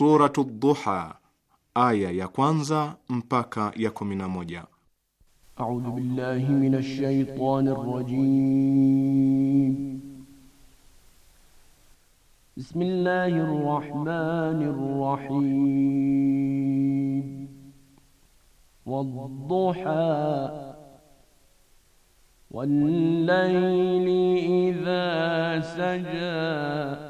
Suratu Duha, aya ya kwanza mpaka ya kumi na moja. A'udhu billahi minash shaitani rajim. Bismillahir rahmanir rahim. Wad-duha wal-layli idha saja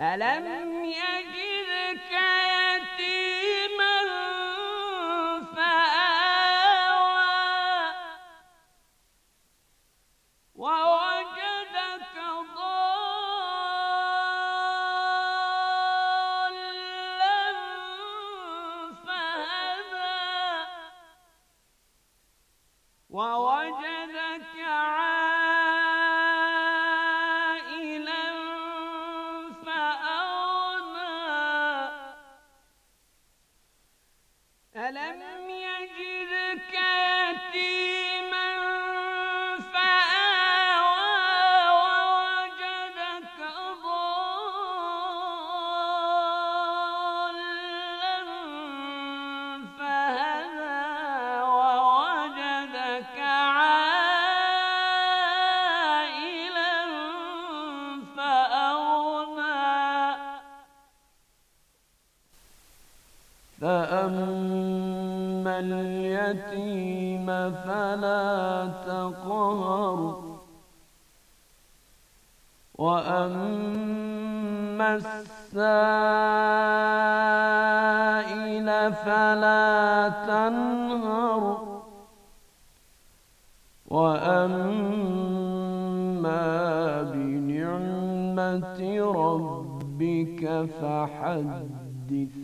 ألم يجدك يتيما فآوى ووجدك ضالا فهدى ووجدك اليتيم فلا تقهر وأما السائل فلا تنهر وأما بنعمة ربك فحدث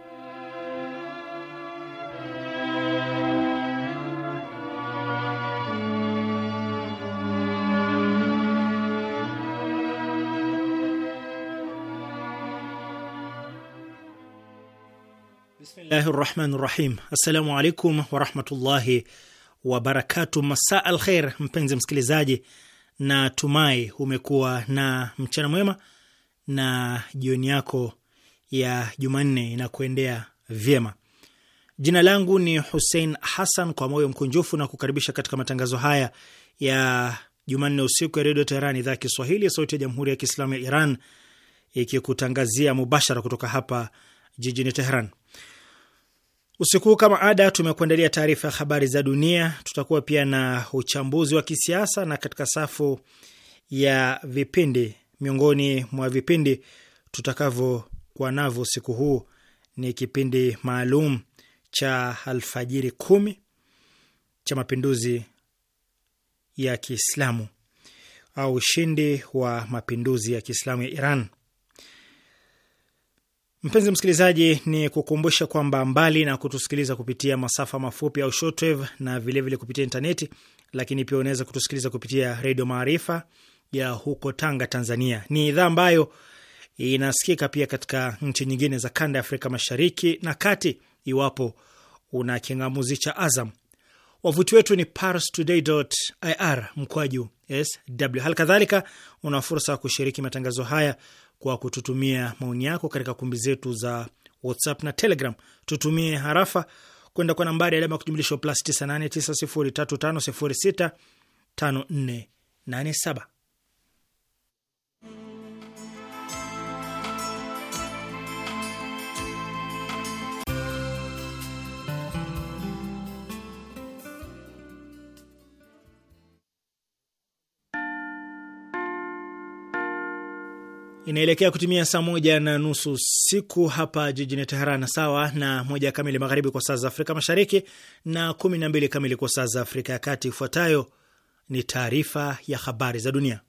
Bismillahi rahmani rahim. Assalamu alaikum warahmatullahi wabarakatu. Masaa al kheir, mpenzi msikilizaji, na tumai umekuwa na mchana mwema na jioni yako ya Jumanne inakuendea vyema. Jina langu ni Husein Hassan, kwa moyo mkunjufu na kukaribisha katika matangazo haya ya Jumanne usiku ya Redio Teheran, idhaa ya Kiswahili, sauti ya Jamhuri ya Kiislamu ya Iran, ikikutangazia mubashara kutoka hapa jijini Teheran. Usiku huu kama ada tumekuandalia taarifa ya habari za dunia, tutakuwa pia na uchambuzi wa kisiasa, na katika safu ya vipindi, miongoni mwa vipindi tutakavyokuwa navyo usiku huu ni kipindi maalum cha alfajiri kumi cha mapinduzi ya Kiislamu au ushindi wa mapinduzi ya Kiislamu ya Iran Mpenzi msikilizaji, ni kukumbusha kwamba mbali na kutusikiliza kupitia masafa mafupi au shortwave na vilevile vile kupitia intaneti, lakini pia unaweza kutusikiliza kupitia Redio Maarifa ya huko Tanga, Tanzania. Ni idhaa ambayo inasikika pia katika nchi nyingine za kanda ya Afrika Mashariki na Kati, iwapo una kingamuzi cha Azam. Wavuti wetu ni parstoday.ir mkwaju sw. Hali kadhalika una fursa ya kushiriki matangazo haya kwa kututumia maoni yako katika kumbi zetu za WhatsApp na Telegram. Tutumie harafa kwenda kwa nambari alama ya kujumlisha plus 989035065487. inaelekea kutimia saa moja na nusu siku hapa jijini Teheran, sawa na moja kamili magharibi kwa saa za Afrika Mashariki na kumi na mbili kamili kwa saa za Afrika ya Kati. Ifuatayo ni taarifa ya habari za dunia,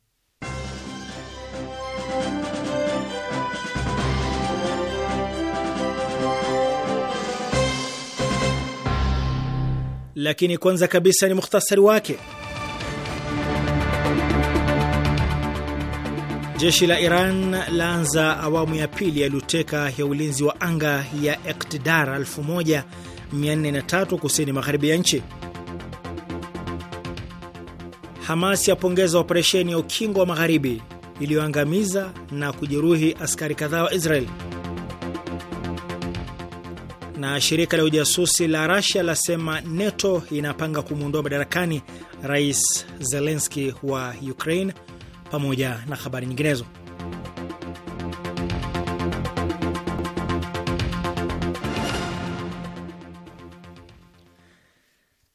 lakini kwanza kabisa ni mukhtasari wake. Jeshi la Iran laanza awamu ya pili ya luteka ya ulinzi wa anga ya Ektidar 143 kusini magharibi ya nchi. Hamas yapongeza operesheni ya ukingo wa magharibi iliyoangamiza na kujeruhi askari kadhaa wa Israel. Na shirika la ujasusi la Rasia lasema NATO inapanga kumwondoa madarakani Rais Zelenski wa Ukraine pamoja na habari nyinginezo.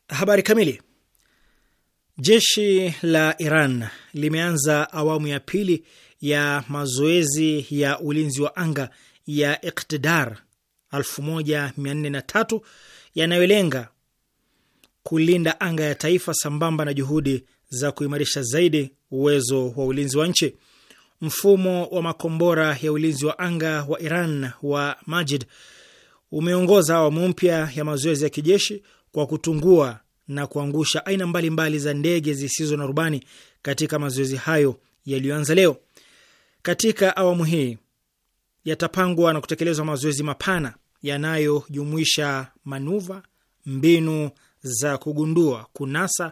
Habari kamili. Jeshi la Iran limeanza awamu ya pili ya mazoezi ya ulinzi wa anga ya Iktidar 143 yanayolenga kulinda anga ya taifa sambamba na juhudi za kuimarisha zaidi uwezo wa ulinzi wa nchi. Mfumo wa makombora ya ulinzi wa anga wa Iran wa Majid umeongoza awamu mpya ya mazoezi ya kijeshi kwa kutungua na kuangusha aina mbalimbali mbali za ndege zisizo na rubani katika mazoezi hayo yaliyoanza leo. Katika awamu hii yatapangwa na kutekelezwa mazoezi mapana yanayojumuisha manuva, mbinu za kugundua, kunasa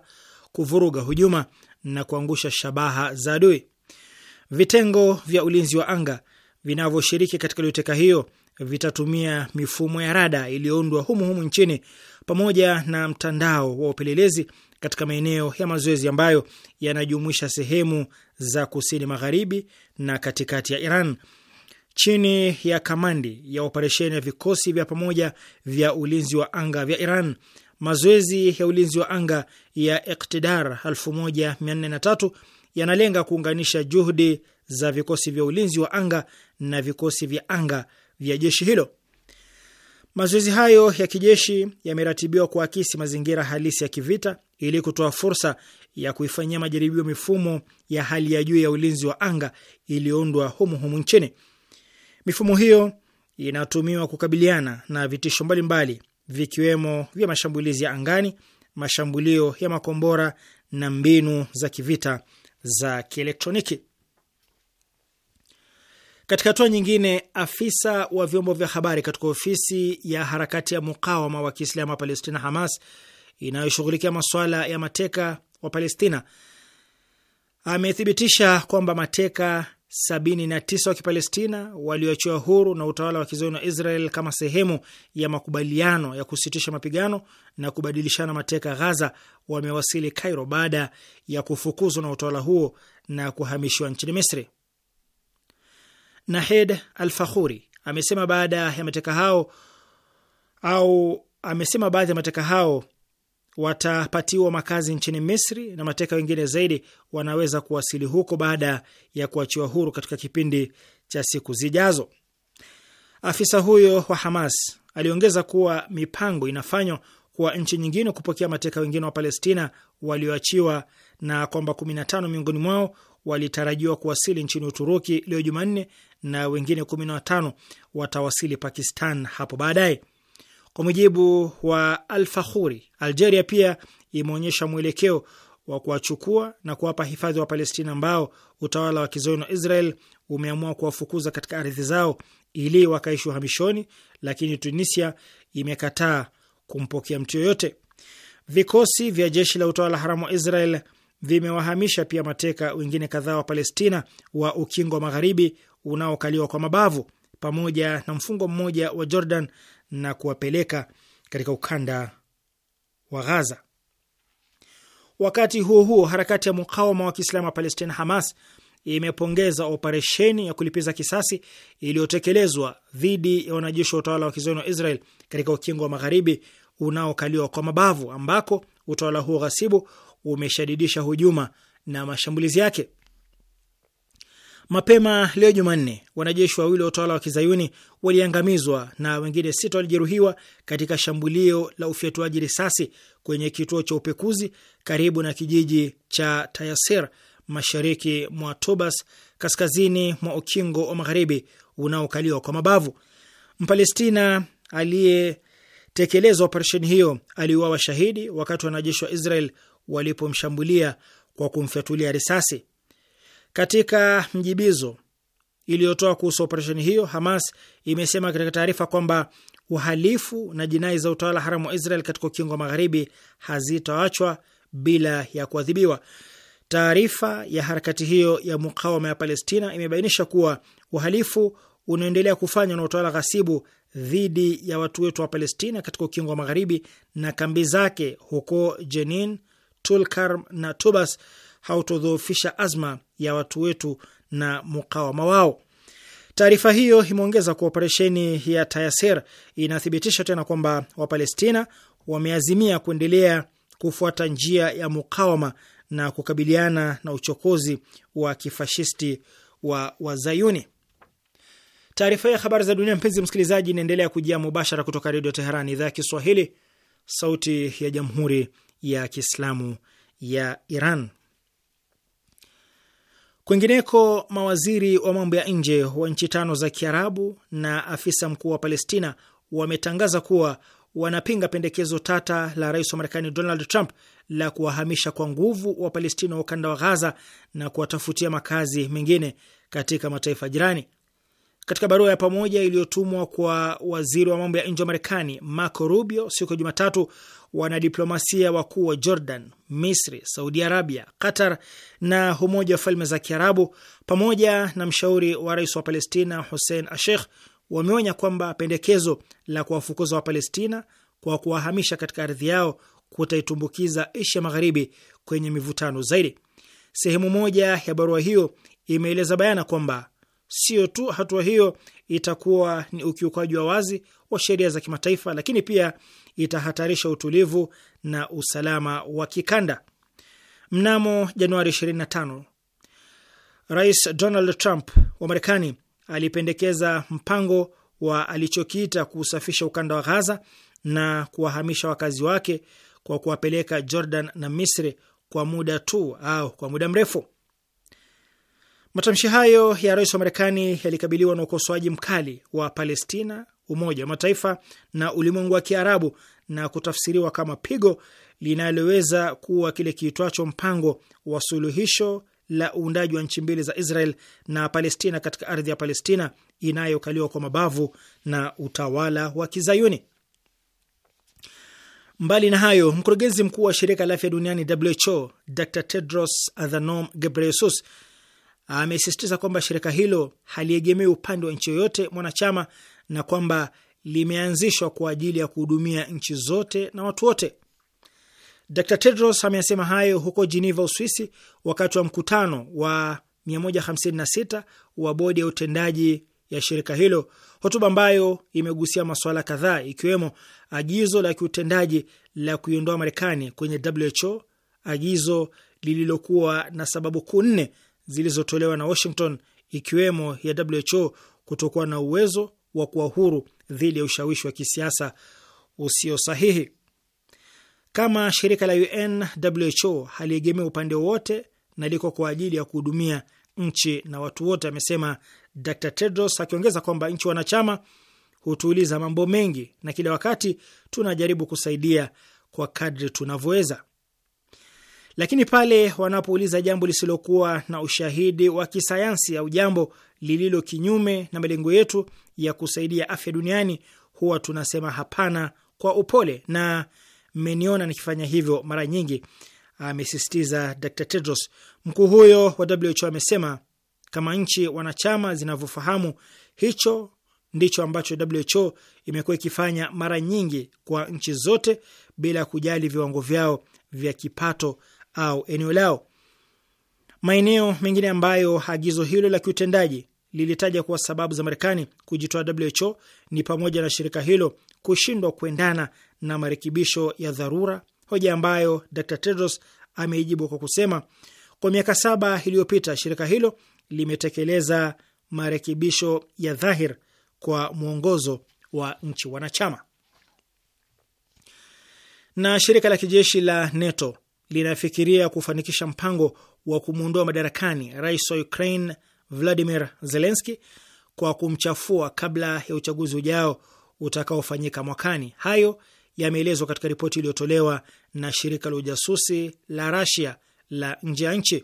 kuvuruga hujuma na kuangusha shabaha za adui. Vitengo vya ulinzi wa anga vinavyoshiriki katika lioteka hiyo vitatumia mifumo ya rada iliyoundwa humu humu nchini pamoja na mtandao wa upelelezi katika maeneo ya mazoezi ambayo yanajumuisha sehemu za kusini magharibi na katikati ya Iran chini ya kamandi ya operesheni ya vikosi vya pamoja vya ulinzi wa anga vya Iran Mazoezi ya ulinzi wa anga ya Iktidar 1403 yanalenga kuunganisha juhudi za vikosi vya ulinzi wa anga na vikosi vya anga vya jeshi hilo. Mazoezi hayo ya kijeshi yameratibiwa kuakisi mazingira halisi ya kivita ili kutoa fursa ya kuifanyia majaribio mifumo ya hali ya juu ya ulinzi wa anga iliyoundwa humu humu nchini. Mifumo hiyo inatumiwa kukabiliana na vitisho mbalimbali vikiwemo vya mashambulizi ya angani, mashambulio ya makombora na mbinu za kivita za kielektroniki. Katika hatua nyingine, afisa wa vyombo vya habari katika ofisi ya harakati ya mukawama wa Kiislamu wa Palestina, Hamas, inayoshughulikia masuala ya mateka wa Palestina amethibitisha kwamba mateka 79 wa Kipalestina walioachiwa huru na utawala wa kizayuni wa Israel kama sehemu ya makubaliano ya kusitisha mapigano na kubadilishana mateka Ghaza wamewasili Cairo baada ya kufukuzwa na utawala huo na kuhamishiwa nchini Misri. Nahed Al-Fakhuri amesema baada ya mateka hao au amesema baadhi ya mateka hao watapatiwa makazi nchini Misri na mateka wengine zaidi wanaweza kuwasili huko baada ya kuachiwa huru katika kipindi cha siku zijazo. Afisa huyo wa Hamas aliongeza kuwa mipango inafanywa kwa nchi nyingine kupokea mateka wengine wa Palestina walioachiwa na kwamba 15 miongoni mwao walitarajiwa kuwasili nchini Uturuki leo Jumanne na wengine 15 watawasili Pakistan hapo baadaye. Kwa mujibu wa Alfakhuri, Algeria pia imeonyesha mwelekeo wa kuwachukua na kuwapa hifadhi wa Palestina ambao utawala wa kizoni wa Israel umeamua kuwafukuza katika ardhi zao ili wakaishi uhamishoni, lakini Tunisia imekataa kumpokea mtu yoyote. Vikosi vya jeshi la utawala haramu wa Israel vimewahamisha pia mateka wengine kadhaa wa Palestina wa ukingo wa magharibi unaokaliwa kwa mabavu pamoja na mfungo mmoja wa Jordan na kuwapeleka katika ukanda wa Ghaza. Wakati huo huo, harakati ya mukawama wa Kiislamu wa Palestina, Hamas, imepongeza operesheni ya kulipiza kisasi iliyotekelezwa dhidi ya wanajeshi wa utawala wa kizayuni wa Israel katika ukingo wa magharibi unaokaliwa kwa mabavu, ambako utawala huo ghasibu umeshadidisha hujuma na mashambulizi yake. Mapema leo Jumanne, wanajeshi wawili wa utawala wa kizayuni waliangamizwa na wengine sita walijeruhiwa katika shambulio la ufyatuaji risasi kwenye kituo cha upekuzi karibu na kijiji cha Tayasir, mashariki mwa Tobas, kaskazini mwa ukingo wa magharibi unaokaliwa kwa mabavu. Mpalestina aliyetekeleza operesheni hiyo aliuawa shahidi wakati wanajeshi wa Israel walipomshambulia kwa kumfyatulia risasi. Katika mjibizo iliyotoa kuhusu operesheni hiyo, Hamas imesema katika taarifa kwamba uhalifu na jinai za utawala haramu wa Israel katika ukingo wa magharibi hazitaachwa bila ya kuadhibiwa. Taarifa ya harakati hiyo ya mukawama ya Palestina imebainisha kuwa uhalifu unaendelea kufanywa na utawala ghasibu dhidi ya watu wetu wa Palestina katika ukingo wa magharibi na kambi zake huko Jenin, Tulkarm na Tubas hautodhoofisha azma ya watu wetu na mukawama wao. Taarifa hiyo imeongeza kuwa operesheni ya Tayaser inathibitisha tena kwamba Wapalestina wameazimia kuendelea kufuata njia ya mukawama na kukabiliana na uchokozi wa kifashisti wa Wazayuni. Taarifa ya habari za dunia, mpenzi msikilizaji, inaendelea kujia mubashara kutoka Redio Teheran, idhaa ya Kiswahili, sauti ya Jamhuri ya Kiislamu ya Iran. Kwingineko, mawaziri wa mambo ya nje wa nchi tano za Kiarabu na afisa mkuu wa Palestina wametangaza kuwa wanapinga pendekezo tata la rais wa Marekani Donald Trump la kuwahamisha kwa nguvu wa Palestina wa ukanda wa Ghaza na kuwatafutia makazi mengine katika mataifa jirani. Katika barua ya pamoja iliyotumwa kwa waziri wa mambo ya nje wa Marekani Marco Rubio siku ya Jumatatu, wanadiplomasia wakuu wa Jordan, Misri, Saudi Arabia, Qatar na Umoja wa Falme za Kiarabu pamoja na mshauri wa rais wa Palestina Hussein Ashekh wameonya kwamba pendekezo la kuwafukuza Wapalestina kwa kuwahamisha katika ardhi yao kutaitumbukiza Asia Magharibi kwenye mivutano zaidi. Sehemu moja ya barua hiyo imeeleza bayana kwamba Sio tu hatua hiyo itakuwa ni ukiukwaji wa wazi wa sheria za kimataifa, lakini pia itahatarisha utulivu na usalama wa kikanda. Mnamo Januari 25 Rais Donald Trump wa Marekani alipendekeza mpango wa alichokiita kuusafisha ukanda wa Ghaza na kuwahamisha wakazi wake kwa kuwapeleka Jordan na Misri kwa muda tu au kwa muda mrefu. Matamshi hayo ya rais wa Marekani yalikabiliwa na ukosoaji mkali wa Palestina, Umoja wa Mataifa na ulimwengu wa Kiarabu na kutafsiriwa kama pigo linaloweza kuwa kile kiitwacho mpango wa suluhisho la uundaji wa nchi mbili za Israel na Palestina katika ardhi ya Palestina inayokaliwa kwa mabavu na utawala wa Kizayuni. Mbali na hayo, mkurugenzi mkuu wa shirika la afya duniani WHO Dr Tedros Adhanom Ghebreyesus amesisitiza kwamba shirika hilo haliegemei upande wa nchi yoyote mwanachama na kwamba limeanzishwa kwa ajili ya kuhudumia nchi zote na watu wote. Dr Tedros ameyasema hayo huko Geneva, Uswisi, wakati wa mkutano wa 156 wa bodi ya utendaji ya shirika hilo, hotuba ambayo imegusia masuala kadhaa ikiwemo agizo la kiutendaji la kuiondoa Marekani kwenye WHO, agizo lililokuwa na sababu kuu nne zilizotolewa na Washington, ikiwemo ya WHO kutokuwa na uwezo wa kuwa huru dhidi ya ushawishi wa kisiasa usio sahihi. Kama shirika la UN, WHO haliegemea upande wowote na liko kwa ajili ya kuhudumia nchi na watu wote, amesema Dr Tedros, akiongeza kwamba nchi wanachama hutuuliza mambo mengi na kila wakati tunajaribu kusaidia kwa kadri tunavyoweza. Lakini pale wanapouliza jambo lisilokuwa na ushahidi wa kisayansi au jambo lililo kinyume na malengo yetu ya kusaidia afya duniani, huwa tunasema hapana kwa upole, na mmeniona nikifanya hivyo mara nyingi, amesisitiza Dr. Tedros. Mkuu huyo wa WHO amesema kama nchi wanachama zinavyofahamu, hicho ndicho ambacho WHO imekuwa ikifanya mara nyingi kwa nchi zote bila kujali viwango vyao vya kipato au eneo lao. Maeneo mengine ambayo agizo hilo la kiutendaji lilitaja kuwa sababu za Marekani kujitoa WHO ni pamoja na shirika hilo kushindwa kuendana na marekebisho ya dharura, hoja ambayo Dr. Tedros ameijibu kwa kusema kwa miaka saba iliyopita shirika hilo limetekeleza marekebisho ya dhahir kwa mwongozo wa nchi wanachama. Na shirika la kijeshi la NATO linafikiria kufanikisha mpango wa kumwondoa madarakani rais wa Ukraine Vladimir Zelenski kwa kumchafua kabla ya uchaguzi ujao utakaofanyika mwakani. Hayo yameelezwa katika ripoti iliyotolewa na shirika la ujasusi la Rasia la nje ya nchi,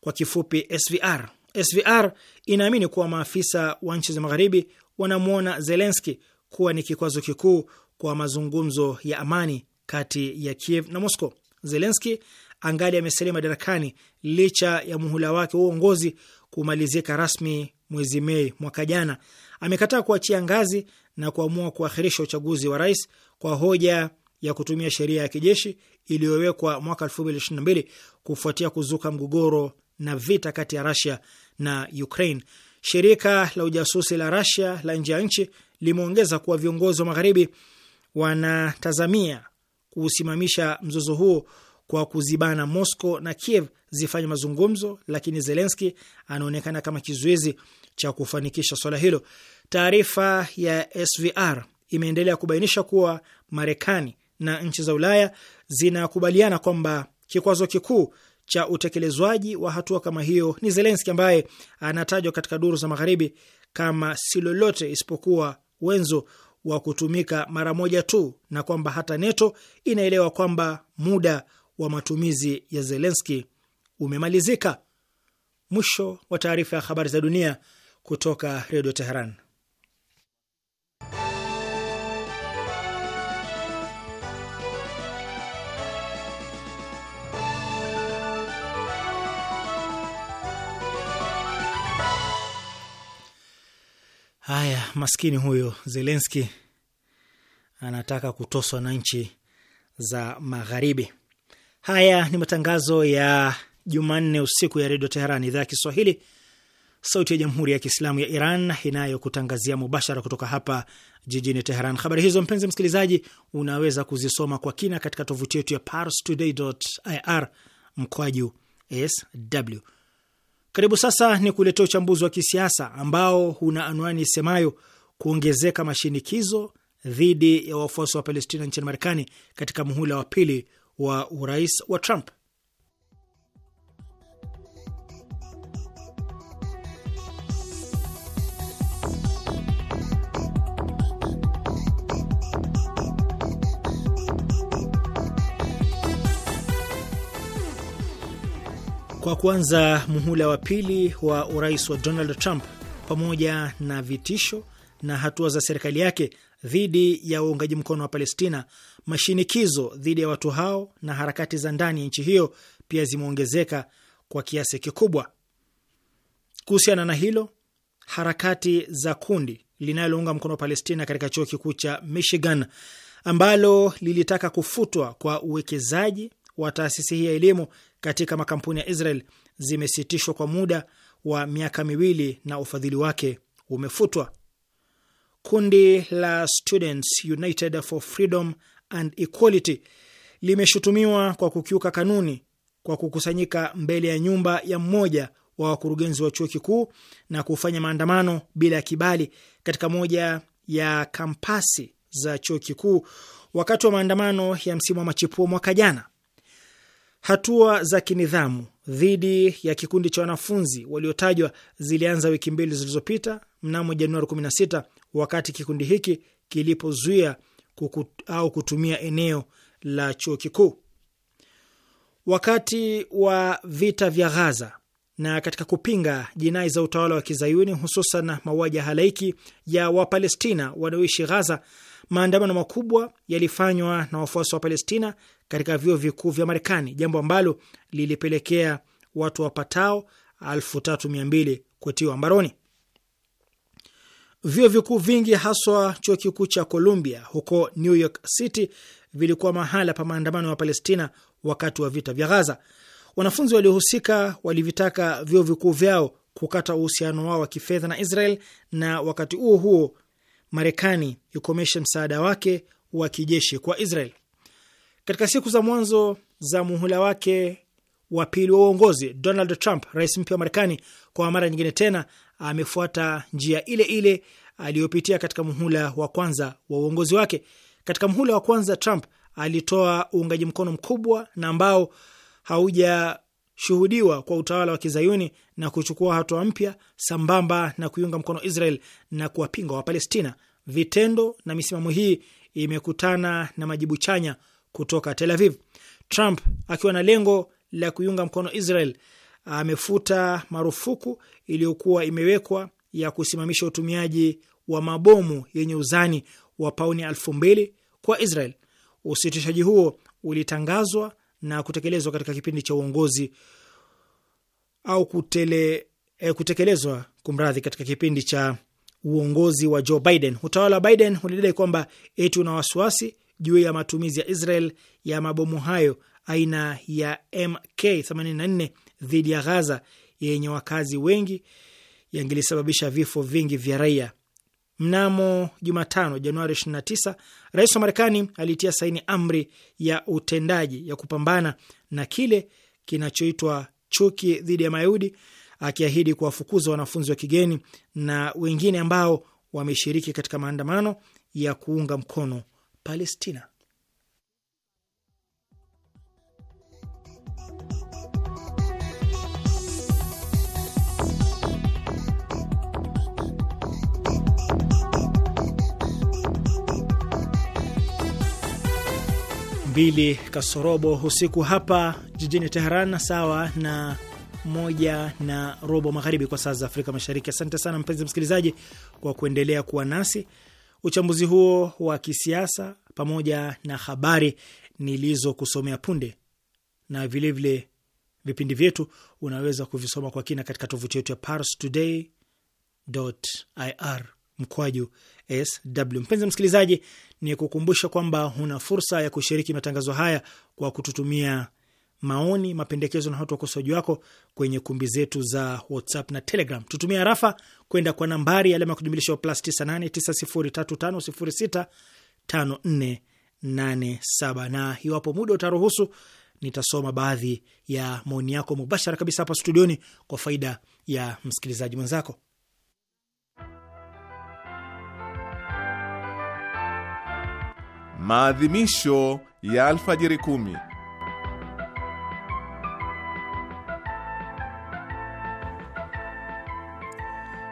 kwa kifupi SVR. SVR inaamini kuwa maafisa wa nchi za magharibi wanamwona Zelenski kuwa ni kikwazo kikuu kwa mazungumzo ya amani kati ya Kiev na Moscow. Zelenski angali amesalia madarakani licha ya muhula wake wa uongozi kumalizika rasmi mwezi Mei mwaka jana. Amekataa kuachia ngazi na kuamua kuahirisha uchaguzi wa rais kwa hoja ya kutumia sheria ya kijeshi iliyowekwa mwaka 2022 kufuatia kuzuka mgogoro na vita kati ya Russia na Ukraine. Shirika la ujasusi la Russia la nje ya nchi limeongeza kuwa viongozi wa magharibi wanatazamia kuusimamisha mzozo huo kwa kuzibana Moscow na Kiev zifanye mazungumzo, lakini Zelenski anaonekana kama kizuizi cha kufanikisha swala hilo. Taarifa ya SVR imeendelea kubainisha kuwa Marekani na nchi za Ulaya zinakubaliana kwamba kikwazo kikuu cha utekelezwaji wa hatua kama hiyo ni Zelenski ambaye anatajwa katika duru za magharibi kama si lolote isipokuwa wenzo wa kutumika mara moja tu na kwamba hata NATO inaelewa kwamba muda wa matumizi ya Zelenski umemalizika. Mwisho wa taarifa ya habari za dunia kutoka Redio Teheran. Haya, maskini huyo Zelenski anataka kutoswa na nchi za Magharibi. Haya ni matangazo ya Jumanne usiku ya Redio Teheran, idhaa ya Kiswahili, sauti ya Jamhuri ya Kiislamu ya Iran inayokutangazia mubashara kutoka hapa jijini Teheran. Habari hizo, mpenzi msikilizaji, unaweza kuzisoma kwa kina katika tovuti yetu ya parstoday.ir mkwaju sw karibu sasa ni kuletea uchambuzi wa kisiasa ambao una anwani isemayo kuongezeka mashinikizo dhidi ya wafuasi wa Palestina nchini Marekani katika muhula wa pili wa urais wa Trump. kwa kuanza muhula wa pili wa urais wa Donald Trump pamoja na vitisho na hatua za serikali yake dhidi ya uungaji mkono wa Palestina, mashinikizo dhidi ya watu hao na harakati za ndani ya nchi hiyo pia zimeongezeka kwa kiasi kikubwa. Kuhusiana na hilo, harakati za kundi linalounga mkono wa Palestina katika chuo kikuu cha Michigan ambalo lilitaka kufutwa kwa uwekezaji wa taasisi hii ya elimu katika makampuni ya Israel zimesitishwa kwa muda wa miaka miwili na ufadhili wake umefutwa. Kundi la Students United for Freedom and Equality limeshutumiwa kwa kukiuka kanuni kwa kukusanyika mbele ya nyumba ya mmoja wa wakurugenzi wa chuo kikuu na kufanya maandamano bila ya kibali katika moja ya kampasi za chuo kikuu wakati wa maandamano ya msimu wa machipuo mwaka jana. Hatua za kinidhamu dhidi ya kikundi cha wanafunzi waliotajwa zilianza wiki mbili zilizopita mnamo Januari 16 wakati kikundi hiki kilipozuia au kutumia eneo la chuo kikuu wakati wa vita vya Ghaza na katika kupinga jinai za utawala wa kizayuni hususan mauaji ya halaiki ya Wapalestina wanaoishi Ghaza. Maandamano makubwa yalifanywa na wafuasi wa Palestina katika vyuo vikuu vya Marekani, jambo ambalo lilipelekea watu wapatao elfu kutiwa mbaroni. Vyuo vikuu vingi haswa chuo kikuu cha Columbia huko New York City vilikuwa mahala pa maandamano ya Palestina wakati wa vita vya Ghaza. Wanafunzi waliohusika walivitaka vyuo vikuu vyao kukata uhusiano wao wa kifedha na Israel na wakati huo huo Marekani ikomeshe msaada wake wa kijeshi kwa Israel. Katika siku za mwanzo za muhula wake wa pili wa uongozi, Donald Trump, rais mpya wa Marekani, kwa mara nyingine tena amefuata njia ile ile aliyopitia katika muhula wa kwanza wa uongozi wake. Katika muhula wa kwanza, Trump alitoa uungaji mkono mkubwa na ambao hauja shuhudiwa kwa utawala wa kizayuni na kuchukua hatua mpya sambamba na kuiunga mkono Israel na kuwapinga Wapalestina. Vitendo na misimamo hii imekutana na majibu chanya kutoka Tel Aviv. Trump akiwa na lengo la kuiunga mkono Israel amefuta marufuku iliyokuwa imewekwa ya kusimamisha utumiaji wa mabomu yenye uzani wa pauni elfu mbili kwa Israel. Usitishaji huo ulitangazwa na kutekelezwa katika kipindi cha uongozi au kutele, eh, kutekelezwa kumradhi, katika kipindi cha uongozi wa Joe Biden. Utawala wa Biden ulidai kwamba eti una wasiwasi juu ya matumizi ya Israel ya mabomu hayo aina ya MK84 dhidi ya Ghaza yenye wakazi wengi yangilisababisha vifo vingi vya raia Mnamo Jumatano, Januari 29, rais wa Marekani alitia saini amri ya utendaji ya kupambana na kile kinachoitwa chuki dhidi ya Mayahudi, akiahidi kuwafukuza wanafunzi wa kigeni na wengine ambao wameshiriki katika maandamano ya kuunga mkono Palestina. mbili kasorobo usiku hapa jijini Teheran, sawa na moja na robo magharibi kwa saa za Afrika Mashariki. Asante sana mpenzi msikilizaji kwa kuendelea kuwa nasi. Uchambuzi huo wa kisiasa pamoja na habari nilizokusomea punde na vilevile vile vipindi vyetu unaweza kuvisoma kwa kina katika tovuti yetu ya parstoday.ir mkwaju sw. Mpenzi msikilizaji, ni kukumbusha kwamba una fursa ya kushiriki matangazo haya kwa kututumia maoni, mapendekezo na hata ukosoaji wako kwenye kumbi zetu za WhatsApp na Telegram. Tutumia rafa kwenda kwa nambari alama ya kujumlisha plus 989035065487 na iwapo muda utaruhusu nitasoma baadhi ya maoni yako mubashara kabisa hapa studioni kwa faida ya msikilizaji mwenzako. Maadhimisho ya alfajiri kumi.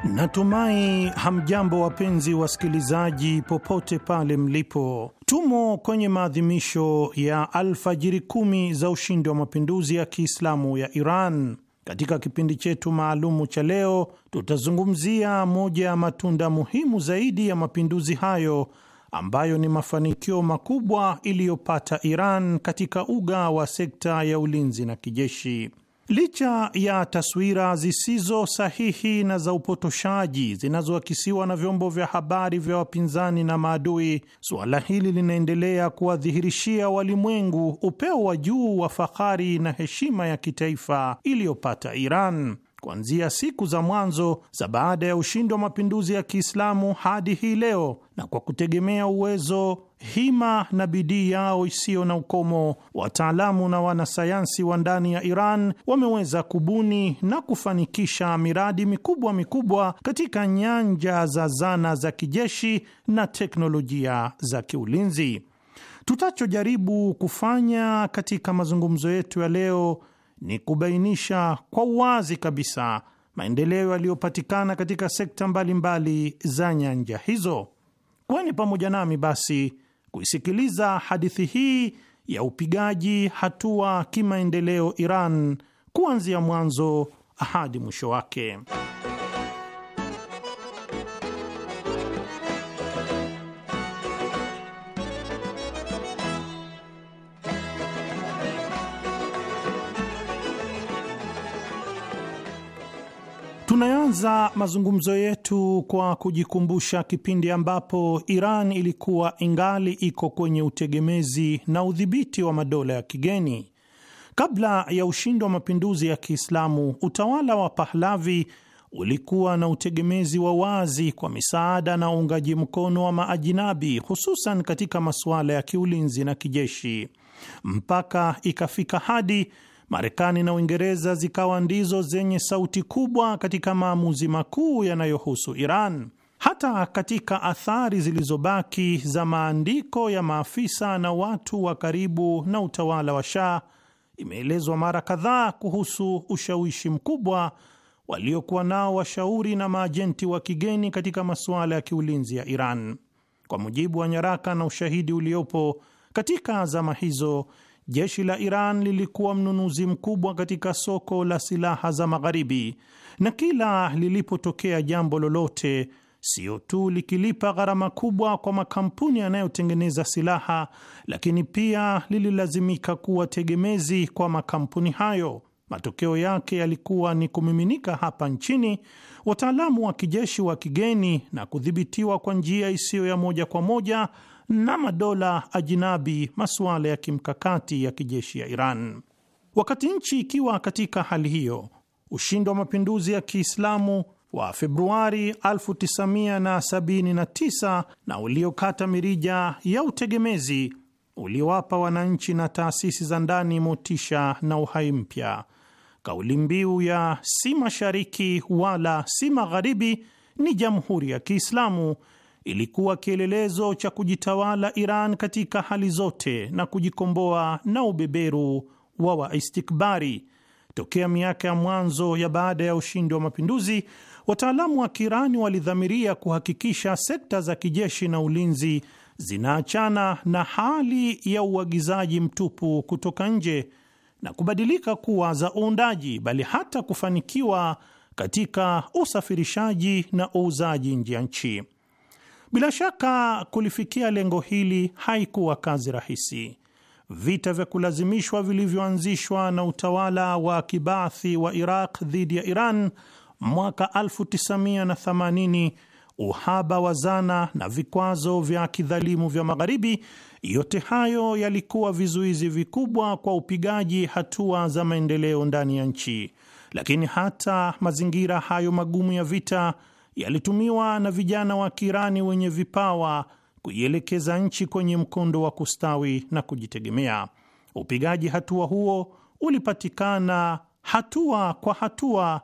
Natumai hamjambo wapenzi wasikilizaji, popote pale mlipo. Tumo kwenye maadhimisho ya alfajiri kumi za ushindi wa mapinduzi ya Kiislamu ya Iran. Katika kipindi chetu maalumu cha leo, tutazungumzia moja ya matunda muhimu zaidi ya mapinduzi hayo ambayo ni mafanikio makubwa iliyopata Iran katika uga wa sekta ya ulinzi na kijeshi. Licha ya taswira zisizo sahihi na za upotoshaji zinazoakisiwa na vyombo vya habari vya wapinzani na maadui, suala hili linaendelea kuwadhihirishia walimwengu upeo wa juu wa fahari na heshima ya kitaifa iliyopata Iran kuanzia siku za mwanzo za baada ya ushindi wa mapinduzi ya Kiislamu hadi hii leo, na kwa kutegemea uwezo, hima na bidii yao isiyo na ukomo, wataalamu na wanasayansi wa ndani ya Iran wameweza kubuni na kufanikisha miradi mikubwa mikubwa katika nyanja za zana za kijeshi na teknolojia za kiulinzi. Tutachojaribu kufanya katika mazungumzo yetu ya leo ni kubainisha kwa uwazi kabisa maendeleo yaliyopatikana katika sekta mbalimbali mbali za nyanja hizo. Kweni pamoja nami basi kuisikiliza hadithi hii ya upigaji hatua kimaendeleo Iran kuanzia mwanzo hadi mwisho wake. Tunaanza mazungumzo yetu kwa kujikumbusha kipindi ambapo Iran ilikuwa ingali iko kwenye utegemezi na udhibiti wa madola ya kigeni. Kabla ya ushindi wa mapinduzi ya Kiislamu, utawala wa Pahlavi ulikuwa na utegemezi wa wazi kwa misaada na uungaji mkono wa maajinabi, hususan katika masuala ya kiulinzi na kijeshi, mpaka ikafika hadi Marekani na Uingereza zikawa ndizo zenye sauti kubwa katika maamuzi makuu yanayohusu Iran. Hata katika athari zilizobaki za maandiko ya maafisa na watu wa karibu na utawala wa Shah, imeelezwa mara kadhaa kuhusu ushawishi mkubwa waliokuwa nao washauri na maajenti wa kigeni katika masuala ya kiulinzi ya Iran. Kwa mujibu wa nyaraka na ushahidi uliopo katika zama hizo, jeshi la Iran lilikuwa mnunuzi mkubwa katika soko la silaha za Magharibi, na kila lilipotokea jambo lolote, sio tu likilipa gharama kubwa kwa makampuni yanayotengeneza silaha, lakini pia lililazimika kuwa tegemezi kwa makampuni hayo. Matokeo yake yalikuwa ni kumiminika hapa nchini wataalamu wa kijeshi wa kigeni na kudhibitiwa kwa njia isiyo ya moja kwa moja na madola ajinabi masuala ya kimkakati ya kijeshi ya Iran. Wakati nchi ikiwa katika hali hiyo, ushindi wa mapinduzi ya Kiislamu wa Februari 1979 na uliokata mirija ya utegemezi uliowapa wananchi na taasisi za ndani motisha na uhai mpya. Kauli mbiu ya si mashariki wala si magharibi ni Jamhuri ya Kiislamu ilikuwa kielelezo cha kujitawala Iran katika hali zote na kujikomboa na ubeberu wa waistikbari. Tokea miaka ya mwanzo ya baada ya ushindi wa mapinduzi, wataalamu wa Kirani walidhamiria kuhakikisha sekta za kijeshi na ulinzi zinaachana na hali ya uagizaji mtupu kutoka nje na kubadilika kuwa za uundaji, bali hata kufanikiwa katika usafirishaji na uuzaji nje ya nchi. Bila shaka kulifikia lengo hili haikuwa kazi rahisi. Vita vya kulazimishwa vilivyoanzishwa na utawala wa Kibathi wa Iraq dhidi ya Iran mwaka 1980, uhaba wa zana na vikwazo vya kidhalimu vya Magharibi, yote hayo yalikuwa vizuizi vikubwa kwa upigaji hatua za maendeleo ndani ya nchi. Lakini hata mazingira hayo magumu ya vita yalitumiwa na vijana wa Kirani wenye vipawa kuielekeza nchi kwenye mkondo wa kustawi na kujitegemea. Upigaji hatua huo ulipatikana hatua kwa hatua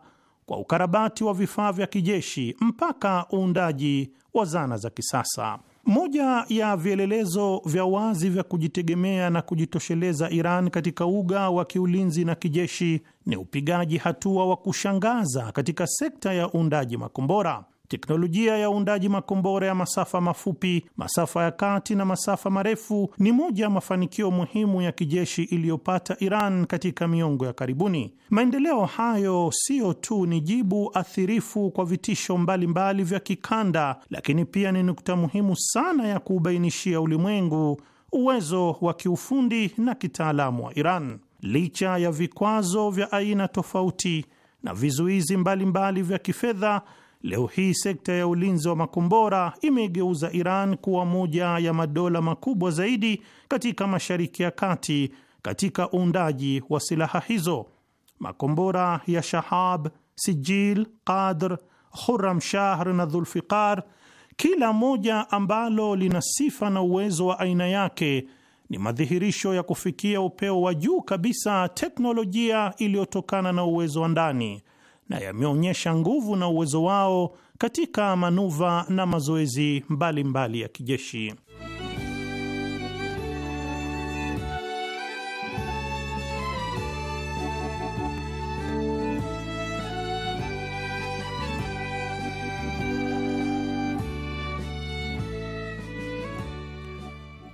kwa ukarabati wa vifaa vya kijeshi mpaka uundaji wa zana za kisasa. Moja ya vielelezo vya wazi vya kujitegemea na kujitosheleza Iran katika uga wa kiulinzi na kijeshi ni upigaji hatua wa kushangaza katika sekta ya uundaji makombora. Teknolojia ya uundaji makombora ya masafa mafupi, masafa ya kati na masafa marefu ni moja ya mafanikio muhimu ya kijeshi iliyopata Iran katika miongo ya karibuni. Maendeleo hayo siyo tu ni jibu athirifu kwa vitisho mbalimbali mbali vya kikanda, lakini pia ni nukta muhimu sana ya kuubainishia ulimwengu uwezo wa kiufundi na kitaalamu wa Iran. Licha ya vikwazo vya aina tofauti na vizuizi mbalimbali mbali vya kifedha Leo hii sekta ya ulinzi wa makombora imeigeuza Iran kuwa moja ya madola makubwa zaidi katika Mashariki ya Kati katika uundaji wa silaha hizo. Makombora ya Shahab, Sijil, Qadr, shahr na Dhulfiqar, kila moja ambalo lina sifa na uwezo wa aina yake, ni madhihirisho ya kufikia upeo wa juu kabisa teknolojia iliyotokana na uwezo wa ndani na yameonyesha nguvu na uwezo wao katika manuva na mazoezi mbalimbali mbali ya kijeshi.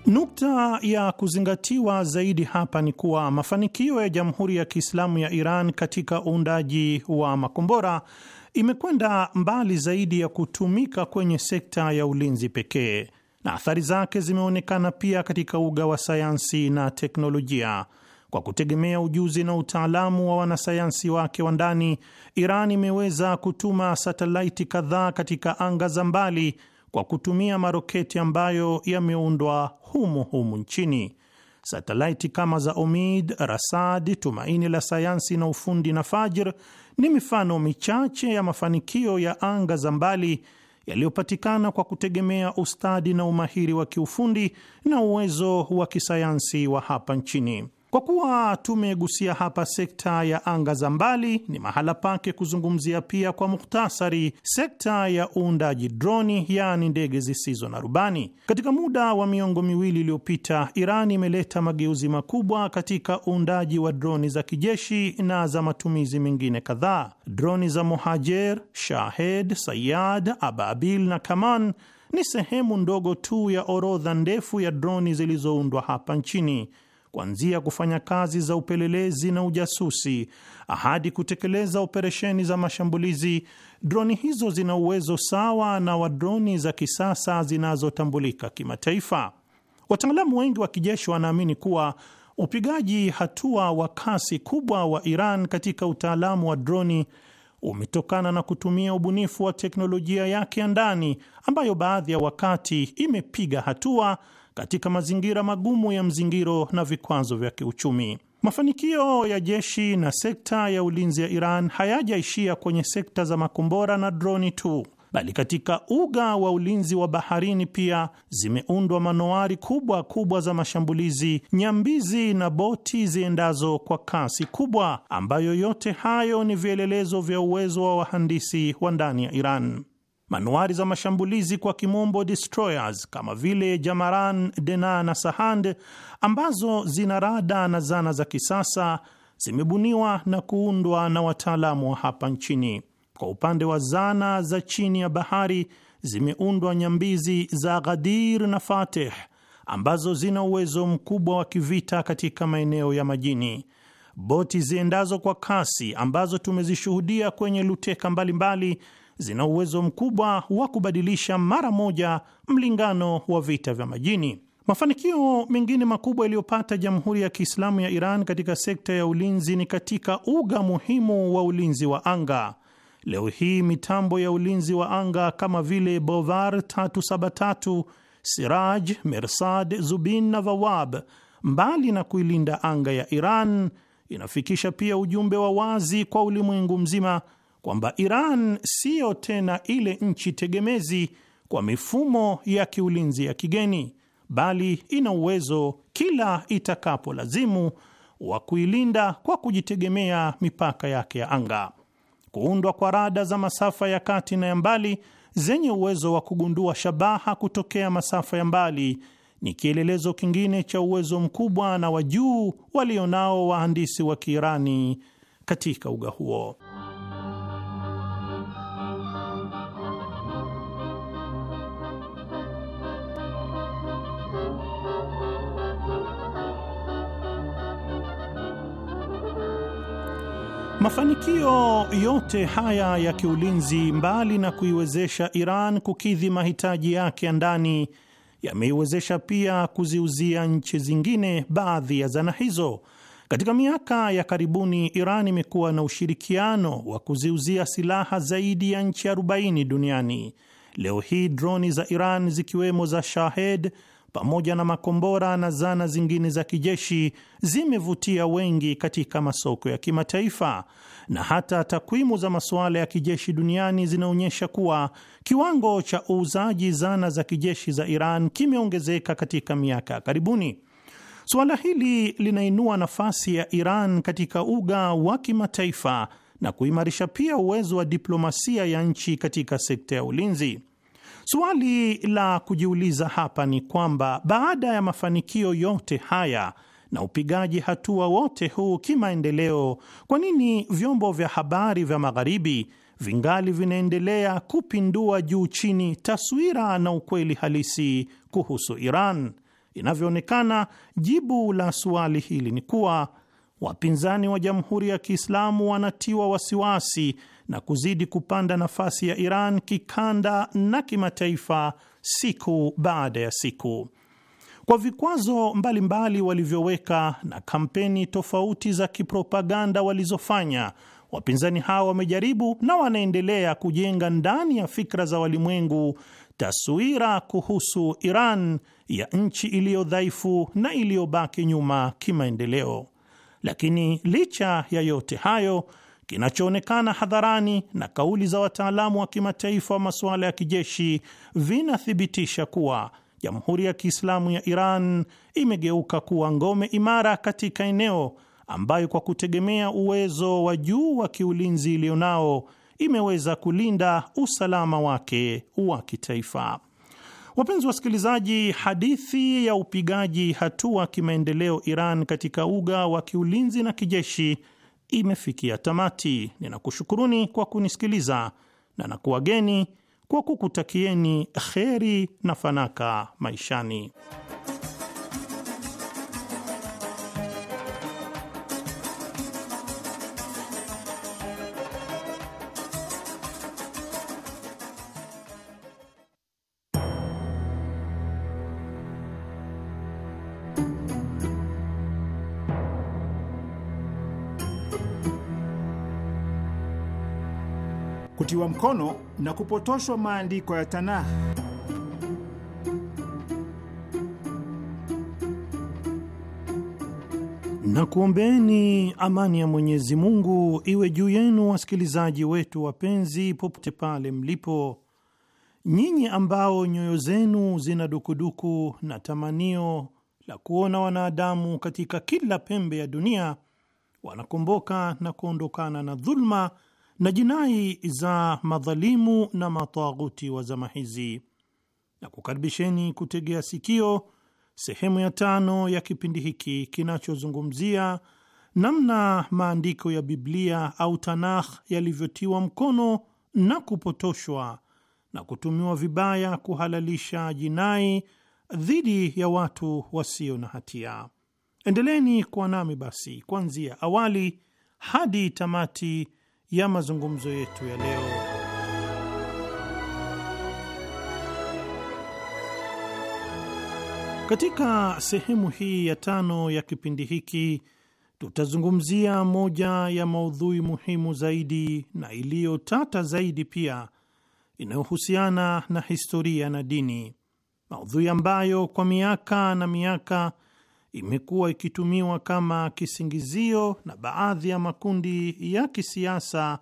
Nukta ya kuzingatiwa zaidi hapa ni kuwa mafanikio ya Jamhuri ya Kiislamu ya Iran katika uundaji wa makombora imekwenda mbali zaidi ya kutumika kwenye sekta ya ulinzi pekee, na athari zake zimeonekana pia katika uga wa sayansi na teknolojia. Kwa kutegemea ujuzi na utaalamu wa wanasayansi wake wa ndani, Iran imeweza kutuma satelaiti kadhaa katika anga za mbali kwa kutumia maroketi ambayo yameundwa humu humu nchini. Satelaiti kama za Omid, Rasadi, Tumaini la Sayansi na Ufundi na Fajr ni mifano michache ya mafanikio ya anga za mbali yaliyopatikana kwa kutegemea ustadi na umahiri wa kiufundi na uwezo wa kisayansi wa hapa nchini. Kwa kuwa tumegusia hapa sekta ya anga za mbali, ni mahala pake kuzungumzia pia kwa muhtasari sekta ya uundaji droni, yaani ndege zisizo na rubani. Katika muda wa miongo miwili iliyopita, Iran imeleta mageuzi makubwa katika uundaji wa droni za kijeshi na za matumizi mengine kadhaa. Droni za Mohajer, Shahed, Sayad, Ababil na Kaman ni sehemu ndogo tu ya orodha ndefu ya droni zilizoundwa hapa nchini kuanzia kufanya kazi za upelelezi na ujasusi hadi kutekeleza operesheni za mashambulizi. Droni hizo zina uwezo sawa na wa droni za kisasa zinazotambulika kimataifa. Wataalamu wengi wa kijeshi wanaamini kuwa upigaji hatua wa kasi kubwa wa Iran katika utaalamu wa droni umetokana na kutumia ubunifu wa teknolojia yake ya ndani ambayo baadhi ya wakati imepiga hatua katika mazingira magumu ya mzingiro na vikwazo vya kiuchumi. Mafanikio ya jeshi na sekta ya ulinzi ya Iran hayajaishia kwenye sekta za makombora na droni tu, bali katika uga wa ulinzi wa baharini pia zimeundwa manowari kubwa kubwa za mashambulizi, nyambizi na boti ziendazo kwa kasi kubwa, ambayo yote hayo ni vielelezo vya uwezo wa wahandisi wa ndani ya Iran manuari za mashambulizi kwa kimombo destroyers kama vile Jamaran, Dena na Sahand ambazo zina rada na zana za kisasa zimebuniwa na kuundwa na wataalamu wa hapa nchini. Kwa upande wa zana za chini ya bahari zimeundwa nyambizi za Ghadir na Fateh ambazo zina uwezo mkubwa wa kivita katika maeneo ya majini. Boti ziendazo kwa kasi ambazo tumezishuhudia kwenye luteka mbalimbali mbali, zina uwezo mkubwa wa kubadilisha mara moja mlingano wa vita vya majini. Mafanikio mengine makubwa yaliyopata Jamhuri ya Kiislamu ya Iran katika sekta ya ulinzi ni katika uga muhimu wa ulinzi wa anga. Leo hii mitambo ya ulinzi wa anga kama vile Bovar 373, Siraj, Mersad, Zubin na Vawab, mbali na kuilinda anga ya Iran, inafikisha pia ujumbe wa wazi kwa ulimwengu mzima kwamba Iran siyo tena ile nchi tegemezi kwa mifumo ya kiulinzi ya kigeni, bali ina uwezo kila itakapolazimu wa kuilinda kwa kujitegemea mipaka yake ya anga. Kuundwa kwa rada za masafa ya kati na ya mbali zenye uwezo wa kugundua shabaha kutokea masafa ya mbali ni kielelezo kingine cha uwezo mkubwa na wa juu walionao wahandisi wa Kiirani katika uga huo. Mafanikio yote haya ya kiulinzi, mbali na kuiwezesha Iran kukidhi mahitaji yake ya ndani, yameiwezesha pia kuziuzia nchi zingine baadhi ya zana hizo. Katika miaka ya karibuni, Iran imekuwa na ushirikiano wa kuziuzia silaha zaidi ya nchi 40 duniani. Leo hii droni za Iran zikiwemo za Shahed pamoja na makombora na zana zingine za kijeshi zimevutia wengi katika masoko ya kimataifa, na hata takwimu za masuala ya kijeshi duniani zinaonyesha kuwa kiwango cha uuzaji zana za kijeshi za Iran kimeongezeka katika miaka ya karibuni. Suala hili linainua nafasi ya Iran katika uga wa kimataifa na kuimarisha pia uwezo wa diplomasia ya nchi katika sekta ya ulinzi. Swali la kujiuliza hapa ni kwamba baada ya mafanikio yote haya na upigaji hatua wote huu kimaendeleo, kwa nini vyombo vya habari vya Magharibi vingali vinaendelea kupindua juu chini taswira na ukweli halisi kuhusu Iran? Inavyoonekana, jibu la suali hili ni kuwa wapinzani wa Jamhuri ya Kiislamu wanatiwa wasiwasi na kuzidi kupanda nafasi ya Iran kikanda na kimataifa siku baada ya siku. Kwa vikwazo mbalimbali walivyoweka na kampeni tofauti za kipropaganda walizofanya, wapinzani hao wamejaribu na wanaendelea kujenga ndani ya fikra za walimwengu taswira kuhusu Iran ya nchi iliyo dhaifu na iliyobaki nyuma kimaendeleo. Lakini licha ya yote hayo, kinachoonekana hadharani na kauli za wataalamu wa kimataifa wa masuala ya kijeshi vinathibitisha kuwa Jamhuri ya Kiislamu ya Iran imegeuka kuwa ngome imara katika eneo ambayo kwa kutegemea uwezo wa juu wa kiulinzi iliyonao imeweza kulinda usalama wake wa kitaifa. Wapenzi wasikilizaji, hadithi ya upigaji hatua kimaendeleo Iran katika uga wa kiulinzi na kijeshi imefikia tamati. Ninakushukuruni kwa kunisikiliza na nakuwageni kwa kukutakieni kheri na fanaka maishani. kutiwa mkono na kupotoshwa maandiko ya Tanakh. Na kuombeeni amani ya Mwenyezi Mungu iwe juu yenu, wasikilizaji wetu wapenzi, popote pale mlipo, nyinyi ambao nyoyo zenu zina dukuduku na tamanio la kuona wanadamu katika kila pembe ya dunia wanakomboka na kuondokana na dhuluma na jinai za madhalimu na mataghuti wa zama hizi, na kukaribisheni kutegea sikio sehemu ya tano ya kipindi hiki kinachozungumzia namna maandiko ya Biblia au Tanakh yalivyotiwa mkono na kupotoshwa na kutumiwa vibaya kuhalalisha jinai dhidi ya watu wasio na hatia. endeleni kuwa nami basi kuanzia awali hadi tamati ya mazungumzo yetu ya leo. Katika sehemu hii ya tano ya kipindi hiki tutazungumzia moja ya maudhui muhimu zaidi na iliyotata zaidi pia inayohusiana na historia na dini, maudhui ambayo kwa miaka na miaka imekuwa ikitumiwa kama kisingizio na baadhi ya makundi ya kisiasa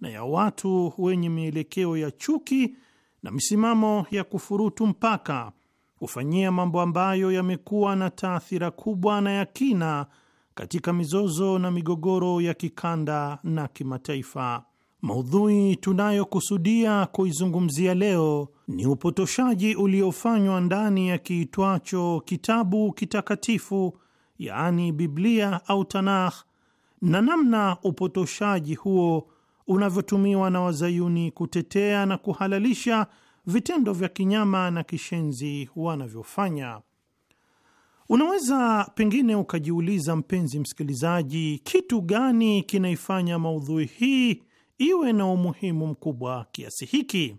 na ya watu wenye mielekeo ya chuki na misimamo ya kufurutu mpaka kufanyia mambo ambayo yamekuwa na taathira kubwa na ya kina katika mizozo na migogoro ya kikanda na kimataifa. Maudhui tunayokusudia kuizungumzia leo ni upotoshaji uliofanywa ndani ya kiitwacho kitabu kitakatifu, yaani Biblia au Tanakh, na namna upotoshaji huo unavyotumiwa na wazayuni kutetea na kuhalalisha vitendo vya kinyama na kishenzi wanavyofanya. Unaweza pengine ukajiuliza, mpenzi msikilizaji, kitu gani kinaifanya maudhui hii iwe na umuhimu mkubwa kiasi hiki?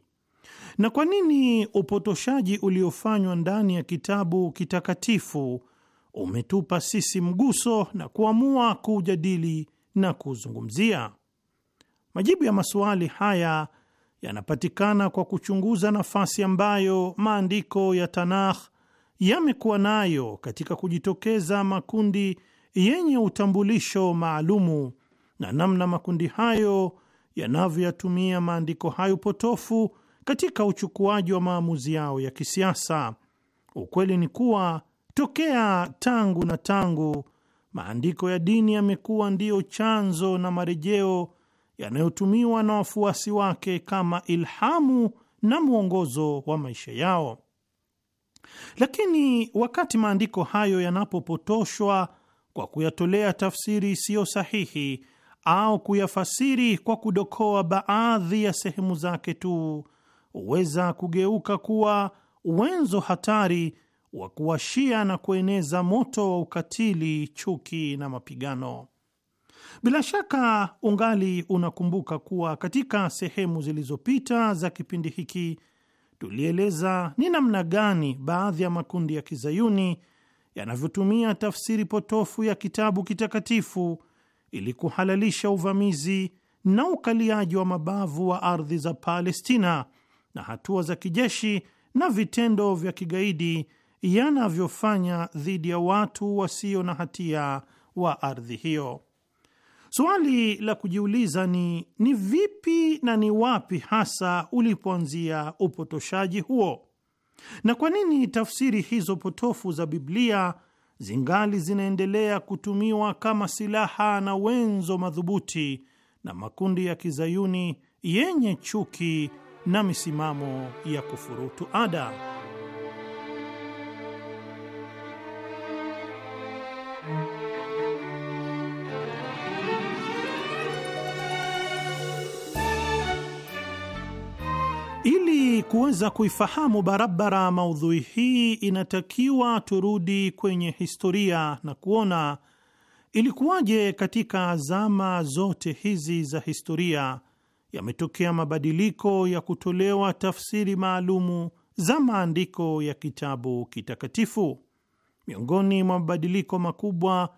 Na kwa nini upotoshaji uliofanywa ndani ya kitabu kitakatifu umetupa sisi mguso na kuamua kuujadili na kuuzungumzia? Majibu ya masuali haya yanapatikana kwa kuchunguza nafasi ambayo maandiko ya Tanakh yamekuwa nayo katika kujitokeza makundi yenye utambulisho maalumu na namna makundi hayo yanavyoyatumia maandiko hayo potofu katika uchukuaji wa maamuzi yao ya kisiasa. Ukweli ni kuwa tokea tangu na tangu, maandiko ya dini yamekuwa ndiyo chanzo na marejeo yanayotumiwa na wafuasi wake kama ilhamu na mwongozo wa maisha yao. Lakini wakati maandiko hayo yanapopotoshwa kwa kuyatolea tafsiri isiyo sahihi au kuyafasiri kwa kudokoa baadhi ya sehemu zake tu huweza kugeuka kuwa wenzo hatari wa kuwashia na kueneza moto wa ukatili, chuki na mapigano. Bila shaka ungali unakumbuka kuwa katika sehemu zilizopita za kipindi hiki tulieleza ni namna gani baadhi ya makundi ya kizayuni yanavyotumia tafsiri potofu ya kitabu kitakatifu ili kuhalalisha uvamizi na ukaliaji wa mabavu wa ardhi za Palestina na hatua za kijeshi na vitendo vya kigaidi yanavyofanya dhidi ya watu wasio na hatia wa ardhi hiyo. Suali la kujiuliza ni ni vipi na ni wapi hasa ulipoanzia upotoshaji huo, na kwa nini tafsiri hizo potofu za Biblia zingali zinaendelea kutumiwa kama silaha na wenzo madhubuti na makundi ya kizayuni yenye chuki na misimamo ya kufurutu ada. kuweza kuifahamu barabara maudhui hii, inatakiwa turudi kwenye historia na kuona ilikuwaje katika zama zote hizi za historia yametokea mabadiliko ya kutolewa tafsiri maalumu za maandiko ya kitabu kitakatifu. Miongoni mwa mabadiliko makubwa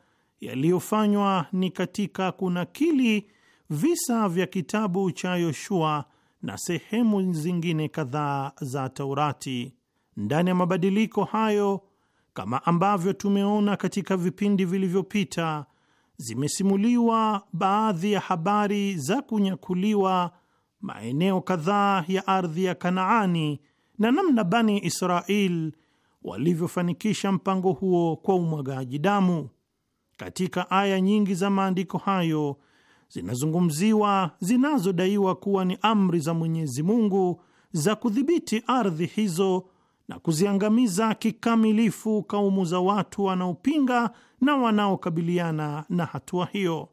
yaliyofanywa ni katika kunakili visa vya kitabu cha Yoshua na sehemu zingine kadhaa za Taurati. Ndani ya mabadiliko hayo, kama ambavyo tumeona katika vipindi vilivyopita, zimesimuliwa baadhi ya habari za kunyakuliwa maeneo kadhaa ya ardhi ya Kanaani na namna Bani Israel walivyofanikisha mpango huo kwa umwagaji damu. Katika aya nyingi za maandiko hayo zinazungumziwa zinazodaiwa kuwa ni amri za Mwenyezi Mungu za kudhibiti ardhi hizo na kuziangamiza kikamilifu kaumu za watu wanaopinga na wanaokabiliana na hatua hiyo.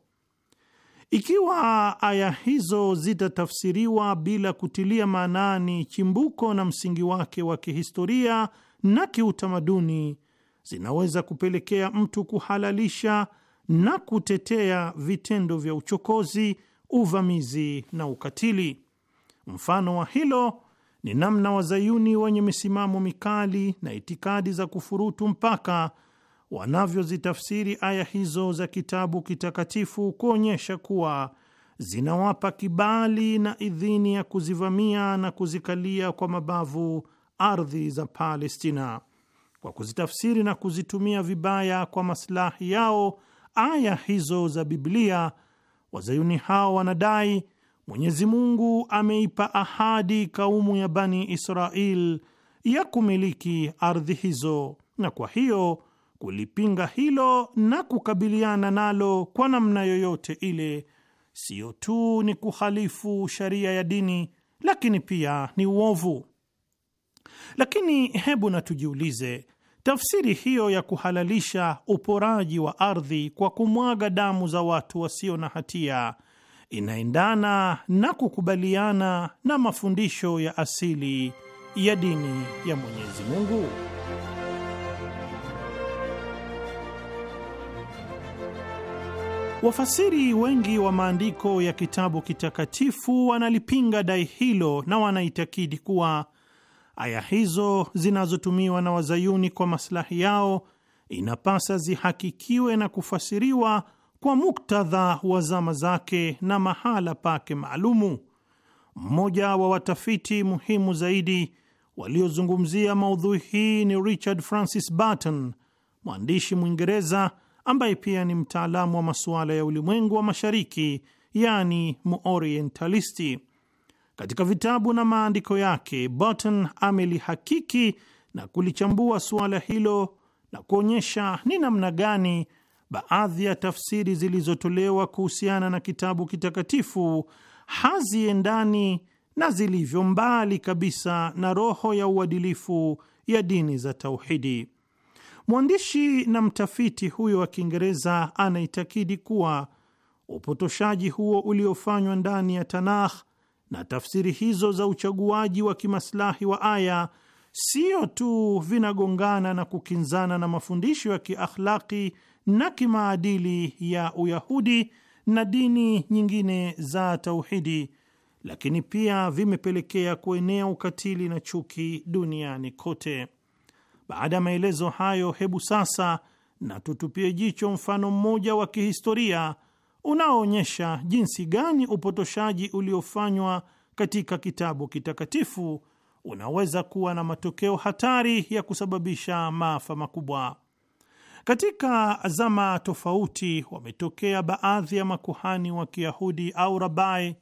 Ikiwa aya hizo zitatafsiriwa bila kutilia maanani chimbuko na msingi wake wa kihistoria na kiutamaduni, zinaweza kupelekea mtu kuhalalisha na kutetea vitendo vya uchokozi, uvamizi na ukatili. Mfano wa hilo ni namna wazayuni wenye misimamo mikali na itikadi za kufurutu mpaka wanavyozitafsiri aya hizo za kitabu kitakatifu kuonyesha kuwa zinawapa kibali na idhini ya kuzivamia na kuzikalia kwa mabavu ardhi za Palestina kwa kuzitafsiri na kuzitumia vibaya kwa maslahi yao aya hizo za Biblia, wazayuni hao wanadai Mwenyezi Mungu ameipa ahadi kaumu ya Bani Israel ya kumiliki ardhi hizo, na kwa hiyo kulipinga hilo na kukabiliana nalo kwa namna yoyote ile siyo tu ni kuhalifu sharia ya dini, lakini pia ni uovu. Lakini hebu na tujiulize, Tafsiri hiyo ya kuhalalisha uporaji wa ardhi kwa kumwaga damu za watu wasio na hatia inaendana na kukubaliana na mafundisho ya asili ya dini ya Mwenyezi Mungu. Wafasiri wengi wa maandiko ya kitabu kitakatifu wanalipinga dai hilo na wanaitakidi kuwa aya hizo zinazotumiwa na wazayuni kwa maslahi yao inapasa zihakikiwe na kufasiriwa kwa muktadha wa zama zake na mahala pake maalumu. Mmoja wa watafiti muhimu zaidi waliozungumzia maudhui hii ni Richard Francis Burton, mwandishi Mwingereza ambaye pia ni mtaalamu wa masuala ya ulimwengu wa mashariki, yani muorientalisti. Katika vitabu na maandiko yake, Burton amelihakiki na kulichambua suala hilo na kuonyesha ni namna gani baadhi ya tafsiri zilizotolewa kuhusiana na kitabu kitakatifu haziendani na zilivyo mbali kabisa na roho ya uadilifu ya dini za tauhidi. Mwandishi na mtafiti huyo wa Kiingereza anaitakidi kuwa upotoshaji huo uliofanywa ndani ya Tanakh na tafsiri hizo za uchaguaji wa kimaslahi wa aya sio tu vinagongana na kukinzana na mafundisho ya kiakhlaki na kimaadili ya Uyahudi na dini nyingine za tauhidi, lakini pia vimepelekea kuenea ukatili na chuki duniani kote. Baada ya maelezo hayo, hebu sasa na tutupie jicho mfano mmoja wa kihistoria unaoonyesha jinsi gani upotoshaji uliofanywa katika kitabu kitakatifu unaweza kuwa na matokeo hatari ya kusababisha maafa makubwa. Katika azama tofauti, wametokea baadhi ya makuhani wa Kiyahudi au rabai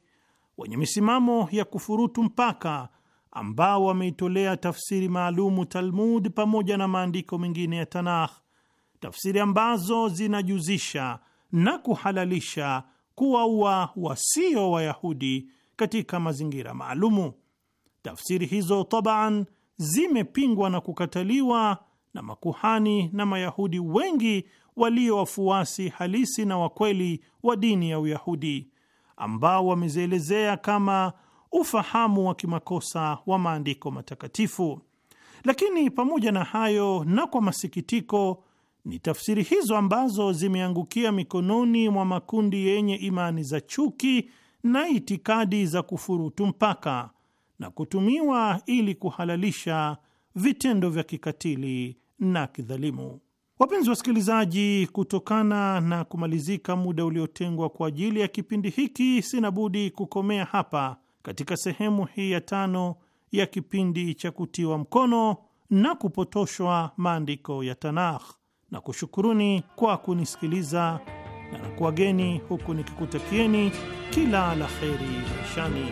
wenye misimamo ya kufurutu mpaka ambao wameitolea tafsiri maalumu Talmud pamoja na maandiko mengine ya Tanakh, tafsiri ambazo zinajuzisha na kuhalalisha kuwaua wasio Wayahudi katika mazingira maalumu. Tafsiri hizo taban zimepingwa na kukataliwa na makuhani na Mayahudi wengi walio wafuasi halisi na wakweli wa dini ya Uyahudi ambao wamezielezea kama ufahamu wa kimakosa wa maandiko matakatifu. Lakini pamoja na hayo, na kwa masikitiko, ni tafsiri hizo ambazo zimeangukia mikononi mwa makundi yenye imani za chuki na itikadi za kufurutu mpaka na kutumiwa ili kuhalalisha vitendo vya kikatili na kidhalimu. Wapenzi wasikilizaji, kutokana na kumalizika muda uliotengwa kwa ajili ya kipindi hiki, sina budi kukomea hapa katika sehemu hii ya tano ya kipindi cha kutiwa mkono na kupotoshwa maandiko ya Tanakh na kushukuruni kwa kunisikiliza na nakuwageni huku nikikutakieni kila la kheri maishani.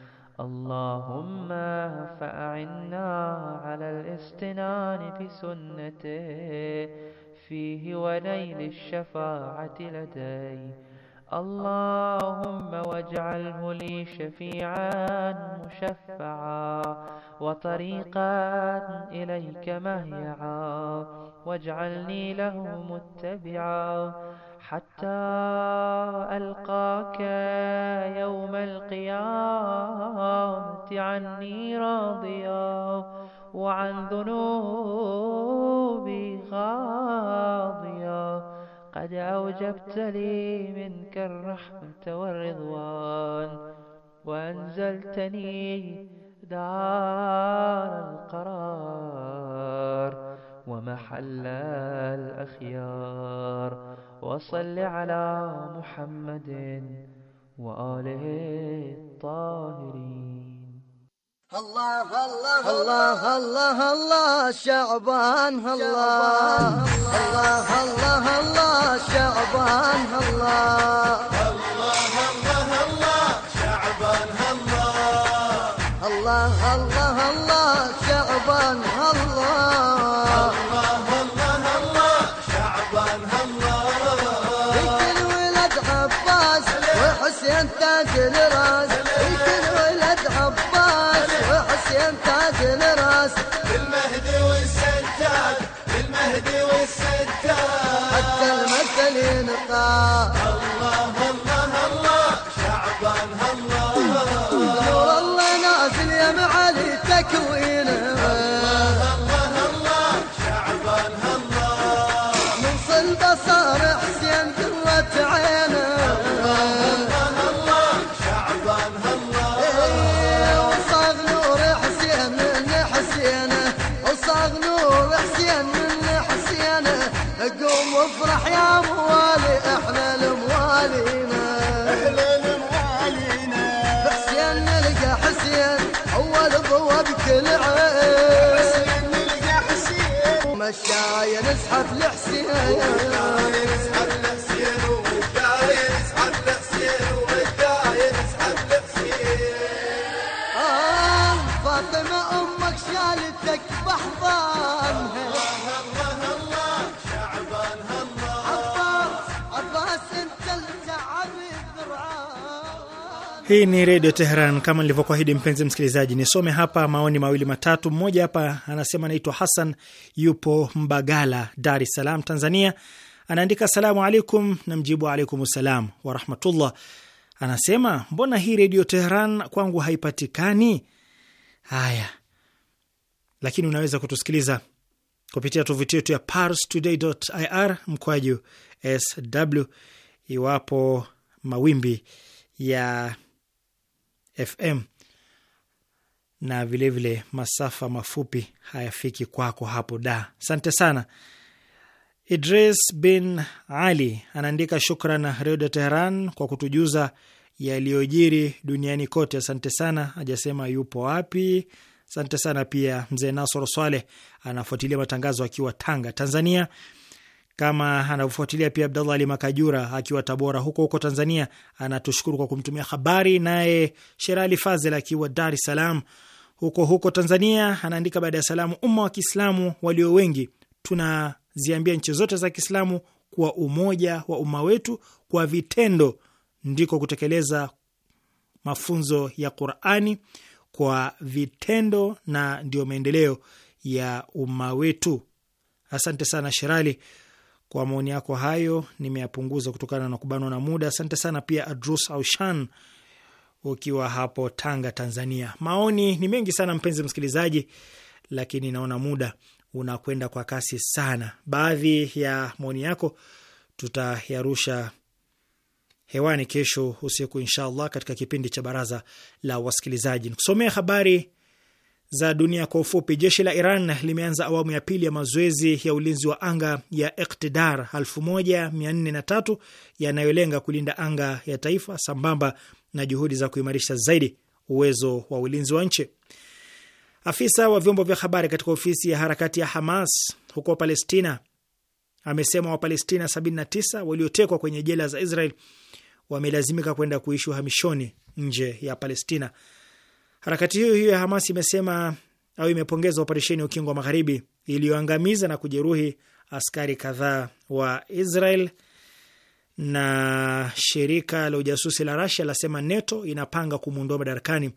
اللهم فأعنا على الاستنان بسنته فيه ونيل الشفاعة لديه اللهم واجعله لي شفيعا مشفعا وطريقا إليك مهيعا واجعلني له متبعا حتى ألقاك يوم القيامة عني راضيا وعن ذنوبي غاضيا قد أوجبت لي منك الرحمة والرضوان وأنزلتني دار القرار ومحل الأخيار وصل على محمد وآله الطاهرين الله الله الله الله شعبان الله الله الله الله شعبان الله الله الله الله شعبان الله الله الله الله شعبان الله الله الله الله شعبان الله قلت الولد عباس وحسين تاج الراس يسحب لحسين Hii ni Redio Teheran. Kama nilivyokuahidi, mpenzi msikilizaji, nisome hapa maoni mawili matatu. Mmoja hapa anasema anaitwa Hassan, yupo Mbagala, Dar es Salaam, Tanzania. Anaandika salamu alaikum, na mjibu alaikum salam warahmatullah. Anasema mbona hii Redio Teheran kwangu haipatikani? Haya, lakini unaweza kutusikiliza kupitia tovuti yetu ya parstoday.ir mkwaju sw, iwapo mawimbi ya yeah FM na vilevile vile masafa mafupi hayafiki kwako hapo da. Asante sana. Idris bin Ali anaandika shukran Redio Teheran kwa kutujuza yaliyojiri duniani kote. Asante sana. ajasema yupo wapi. Asante sana pia mzee Nasoro Swaleh anafuatilia matangazo akiwa Tanga, Tanzania kama anavyofuatilia pia Abdallah Ali Makajura akiwa Tabora huko huko Tanzania, anatushukuru kwa kumtumia habari. Naye Sherali Fazel akiwa Dar es Salaam huko huko Tanzania anaandika, baada ya salamu, umma wa Kiislamu walio wengi tunaziambia nchi zote za Kiislamu kwa umoja wa umma wetu kwa vitendo ndiko kutekeleza mafunzo ya Qurani kwa vitendo, na ndio maendeleo ya umma wetu. Asante sana Sherali kwa maoni yako hayo nimeyapunguza kutokana na kubanwa na muda. Asante sana pia Adrus Aushan ukiwa hapo Tanga, Tanzania. Maoni ni mengi sana mpenzi msikilizaji, lakini naona muda unakwenda kwa kasi sana. Baadhi ya maoni yako tutayarusha hewani kesho usiku inshallah, katika kipindi cha baraza la wasikilizaji. Nikusomea habari za dunia kwa ufupi. Jeshi la Iran limeanza awamu ya pili ya mazoezi ya ulinzi wa anga ya Iktidar 143 yanayolenga kulinda anga ya taifa sambamba na juhudi za kuimarisha zaidi uwezo wa ulinzi wa nchi. Afisa wa vyombo vya habari katika ofisi ya harakati ya Hamas huko Palestina amesema Wapalestina 79 waliotekwa kwenye jela za Israel wamelazimika kwenda kuishi uhamishoni nje ya Palestina. Harakati hiyo hiyo ya Hamas imesema au imepongeza operesheni ya Ukingo wa Magharibi iliyoangamiza na kujeruhi askari kadhaa wa Israel na shirika la ujasusi la Rasia lasema NATO inapanga kumwondoa madarakani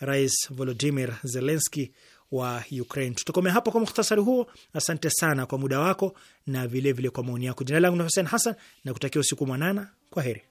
Rais Volodimir Zelenski wa Ukraine. Tutakomea hapo kwa mukhtasari huo. Asante sana kwa muda wako na vilevile vile kwa maoni yako. Jina langu ni Hussein Hassan na kutakia usiku mwanana. Kwa heri.